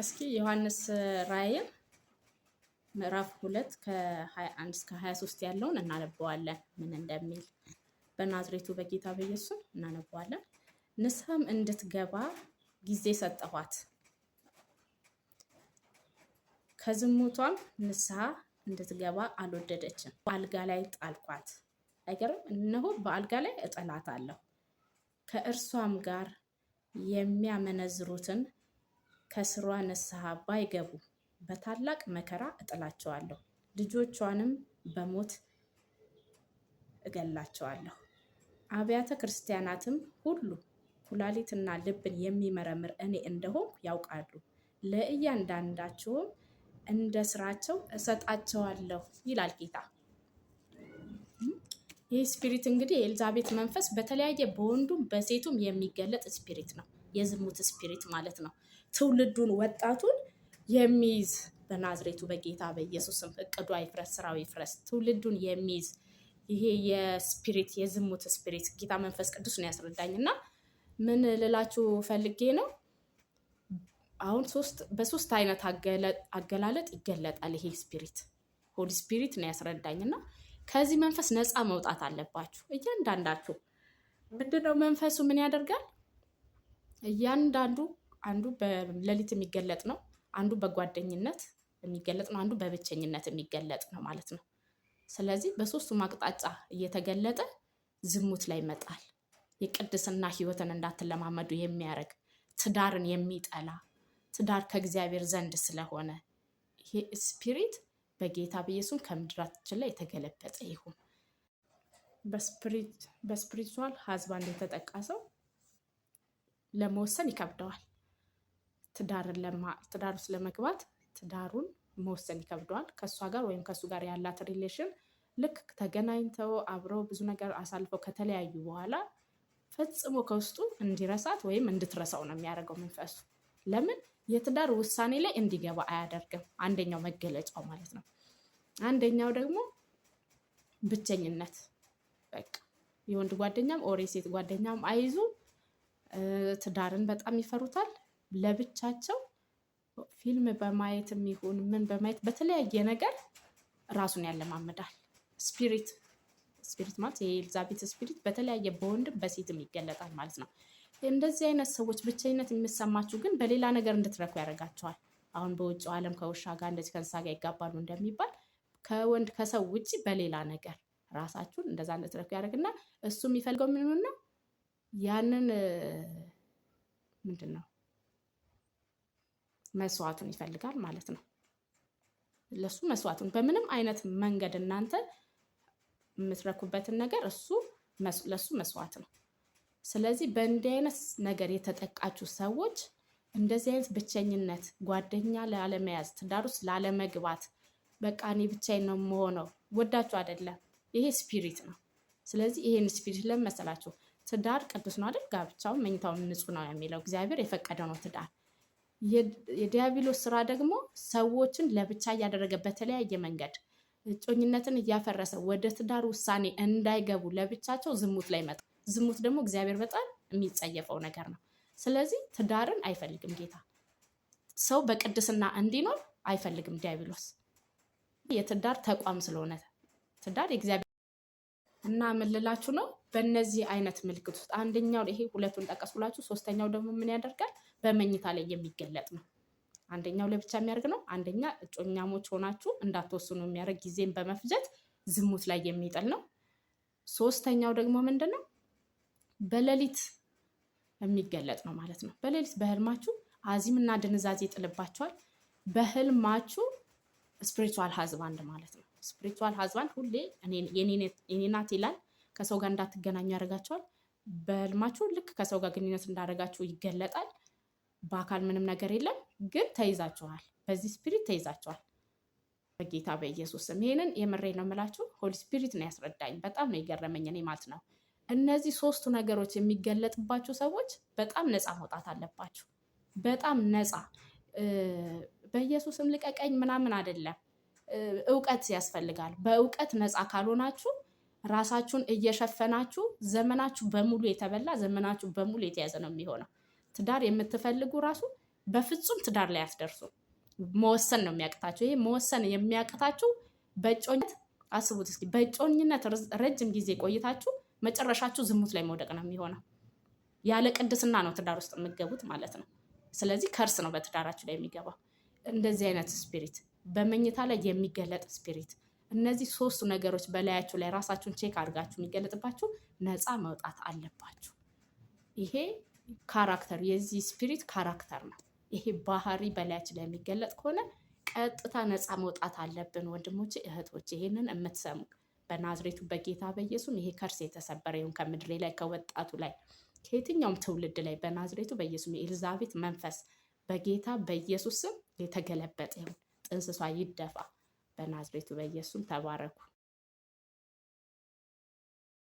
እስኪ ዮሐንስ ራእይን ምዕራፍ ሁለት ከ21 እስከ 23 ያለውን እናነበዋለን። ምን እንደሚል በናዝሬቱ በጌታ በኢየሱስ እናነበዋለን። ንስሐም እንድትገባ ጊዜ ሰጠኋት፣ ከዝሙቷም ንስሐ እንድትገባ አልወደደችም። በአልጋ ላይ ጣልኳት። አይገርም? እነሆ በአልጋ ላይ እጠላታለሁ፣ ከእርሷም ጋር የሚያመነዝሩትን ከስሯ ንስሐ ባይገቡ በታላቅ መከራ እጥላቸዋለሁ፣ ልጆቿንም በሞት እገላቸዋለሁ። አብያተ ክርስቲያናትም ሁሉ ኩላሊትና ልብን የሚመረምር እኔ እንደሆንኩ ያውቃሉ። ለእያንዳንዳቸውም እንደ ስራቸው እሰጣቸዋለሁ ይላል ጌታ። ይህ ስፒሪት እንግዲህ የኤልዛቤት መንፈስ በተለያየ በወንዱም በሴቱም የሚገለጥ ስፒሪት ነው። የዝሙት ስፒሪት ማለት ነው። ትውልዱን ወጣቱን የሚይዝ በናዝሬቱ በጌታ በኢየሱስም እቅዱ ይፍረስ፣ ስራው ይፍረስ። ትውልዱን የሚይዝ ይሄ የስፒሪት የዝሙት ስፒሪት ጌታ መንፈስ ቅዱስ ነው ያስረዳኝ እና ምን ልላችሁ ፈልጌ ነው አሁን በሶስት አይነት አገላለጥ ይገለጣል ይሄ ስፒሪት። ሆሊ ስፒሪት ነው ያስረዳኝ እና ከዚህ መንፈስ ነፃ መውጣት አለባችሁ እያንዳንዳችሁ። ምንድነው መንፈሱ ምን ያደርጋል? እያንዳንዱ አንዱ በሌሊት የሚገለጥ ነው፣ አንዱ በጓደኝነት የሚገለጥ ነው፣ አንዱ በብቸኝነት የሚገለጥ ነው ማለት ነው። ስለዚህ በሶስቱም አቅጣጫ እየተገለጠ ዝሙት ላይ ይመጣል። የቅድስና ህይወትን እንዳትለማመዱ የሚያደርግ ትዳርን የሚጠላ ትዳር ከእግዚአብሔር ዘንድ ስለሆነ ይሄ ስፒሪት በጌታ በኢየሱስ ከምድራችን ላይ የተገለበጠ ይሁን። በስፒሪቹዋል ሀዝባንድ የተጠቃሰው ለመወሰን ይከብደዋል። ትዳር ውስጥ ለመግባት ትዳሩን መወሰን ይከብደዋል። ከእሷ ጋር ወይም ከእሱ ጋር ያላት ሪሌሽን ልክ ተገናኝተው አብረው ብዙ ነገር አሳልፈው ከተለያዩ በኋላ ፈጽሞ ከውስጡ እንዲረሳት ወይም እንድትረሳው ነው የሚያደርገው መንፈሱ። ለምን የትዳር ውሳኔ ላይ እንዲገባ አያደርግም። አንደኛው መገለጫው ማለት ነው። አንደኛው ደግሞ ብቸኝነት፣ በቃ የወንድ ጓደኛም ኦሬ የሴት ጓደኛም አይዙ ትዳርን በጣም ይፈሩታል። ለብቻቸው ፊልም በማየት የሚሆን ምን በማየት በተለያየ ነገር ራሱን ያለማምዳል። ስፒሪት ስፒሪት ማለት የኤልዛቤት ስፒሪት በተለያየ በወንድም በሴትም ይገለጣል ማለት ነው። እንደዚህ አይነት ሰዎች ብቸኝነት የሚሰማችሁ ግን በሌላ ነገር እንድትረኩ ያደርጋቸዋል። አሁን በውጭው ዓለም ከውሻ ጋር እንደዚህ ከእንስሳ ጋር ይጋባሉ እንደሚባል ከወንድ ከሰው ውጭ በሌላ ነገር ራሳችሁን እንደዛ እንድትረኩ ያደርግና እሱ የሚፈልገው ምን ነው ያንን ምንድን ነው መስዋዕቱን ይፈልጋል ማለት ነው። ለሱ መስዋዕቱን በምንም አይነት መንገድ እናንተ የምትረኩበትን ነገር እሱ ለሱ መስዋዕት ነው። ስለዚህ በእንዲህ አይነት ነገር የተጠቃችሁ ሰዎች እንደዚህ አይነት ብቸኝነት፣ ጓደኛ ላለመያዝ፣ ትዳር ውስጥ ላለመግባት በቃ እኔ ብቻዬን ነው የምሆነው ወዳችሁ አይደለም። ይሄ ስፒሪት ነው። ስለዚህ ይሄን ስፒሪት ለምን መሰላችሁ ትዳር ቅዱስ ነው አይደል? ጋብቻውን መኝታውን ንጹህ ነው የሚለው እግዚአብሔር የፈቀደ ነው ትዳር። የዲያብሎስ ስራ ደግሞ ሰዎችን ለብቻ እያደረገ በተለያየ መንገድ እጮኝነትን እያፈረሰ ወደ ትዳር ውሳኔ እንዳይገቡ ለብቻቸው ዝሙት ላይ መጣ። ዝሙት ደግሞ እግዚአብሔር በጣም የሚጸየፈው ነገር ነው። ስለዚህ ትዳርን አይፈልግም ጌታ። ሰው በቅድስና እንዲኖር አይፈልግም ዲያብሎስ የትዳር ተቋም ስለሆነ ትዳር የእግዚአብሔር እና ምልላችሁ ነው በእነዚህ አይነት ምልክት ውስጥ አንደኛው ይሄ ሁለቱን ጠቀስኩላችሁ። ሶስተኛው ደግሞ ምን ያደርጋል? በመኝታ ላይ የሚገለጥ ነው። አንደኛው ለብቻ የሚያደርግ ነው። አንደኛ እጮኛሞች ሆናችሁ እንዳትወስኑ የሚያደርግ ጊዜን በመፍጀት ዝሙት ላይ የሚጥል ነው። ሶስተኛው ደግሞ ምንድን ነው? በሌሊት የሚገለጥ ነው ማለት ነው። በሌሊት በህልማችሁ አዚም እና ድንዛዜ ይጥልባቸዋል። በህልማችሁ ስፒሪቹዋል ሀዝባንድ ማለት ነው ስፕሪቹዋል ሀዝባንድ ሁሌ የኔ ናት ይላል። ከሰው ጋር እንዳትገናኙ ያደርጋቸዋል። በህልማችሁ ልክ ከሰው ጋር ግንኙነት እንዳደረጋችሁ ይገለጣል። በአካል ምንም ነገር የለም፣ ግን ተይዛችኋል። በዚህ ስፒሪት ተይዛችኋል። በጌታ በኢየሱስ ስም ይህንን የምሬ ነው የምላችሁ። ሆሊ ስፒሪት ነው ያስረዳኝ። በጣም ነው የገረመኝ እኔ ማለት ነው። እነዚህ ሶስቱ ነገሮች የሚገለጥባችሁ ሰዎች በጣም ነፃ መውጣት አለባችሁ። በጣም ነፃ በኢየሱስም ልቀቀኝ ምናምን አይደለም። እውቀት ያስፈልጋል። በእውቀት ነፃ ካልሆናችሁ ራሳችሁን እየሸፈናችሁ ዘመናችሁ በሙሉ የተበላ ዘመናችሁ በሙሉ የተያዘ ነው የሚሆነው። ትዳር የምትፈልጉ ራሱ በፍጹም ትዳር ላይ አትደርሱ። መወሰን ነው የሚያቅታችሁ። ይሄ መወሰን የሚያቅታችሁ በጮኝነት አስቡት እስኪ። በጮኝነት ረጅም ጊዜ ቆይታችሁ መጨረሻችሁ ዝሙት ላይ መውደቅ ነው የሚሆነው። ያለ ቅድስና ነው ትዳር ውስጥ የምገቡት ማለት ነው። ስለዚህ ከርስ ነው በትዳራችሁ ላይ የሚገባው እንደዚህ አይነት ስፒሪት በመኝታ ላይ የሚገለጥ ስፒሪት፣ እነዚህ ሶስቱ ነገሮች በላያችሁ ላይ ራሳችሁን ቼክ አድርጋችሁ የሚገለጥባችሁ ነፃ መውጣት አለባችሁ። ይሄ ካራክተር የዚህ ስፒሪት ካራክተር ነው። ይሄ ባህሪ በላያችን ላይ የሚገለጥ ከሆነ ቀጥታ ነፃ መውጣት አለብን። ወንድሞች እህቶች፣ ይሄንን የምትሰሙ በናዝሬቱ በጌታ በኢየሱስ ይሄ ከርስ የተሰበረ ይሁን ከምድር ላይ ከወጣቱ ላይ ከየትኛውም ትውልድ ላይ በናዝሬቱ በኢየሱስ የኤልዛቤት መንፈስ በጌታ በኢየሱስ የተገለበጠ ይሁን። እንስሷ ይደፋ። በናዝሬቱ በኢየሱስም ተባረኩ።